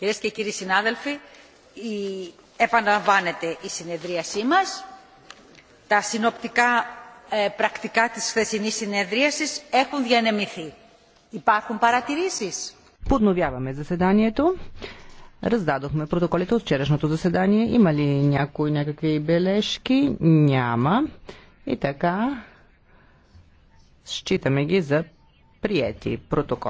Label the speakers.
Speaker 1: Κυρίες και κύριοι συνάδελφοι, η... επαναλαμβάνεται η συνεδρίασή μας. Τα συνοπτικά ε, πρακτικά της χθεσινής συνεδρίασης έχουν διανεμηθεί. Υπάρχουν παρατηρήσεις.
Speaker 2: Подновяваме заседанието.
Speaker 3: Раздадохме протоколите от вчерашното заседание. Има ли някой някакви бележки? Няма. И така, считаме
Speaker 4: ги за приети протокол.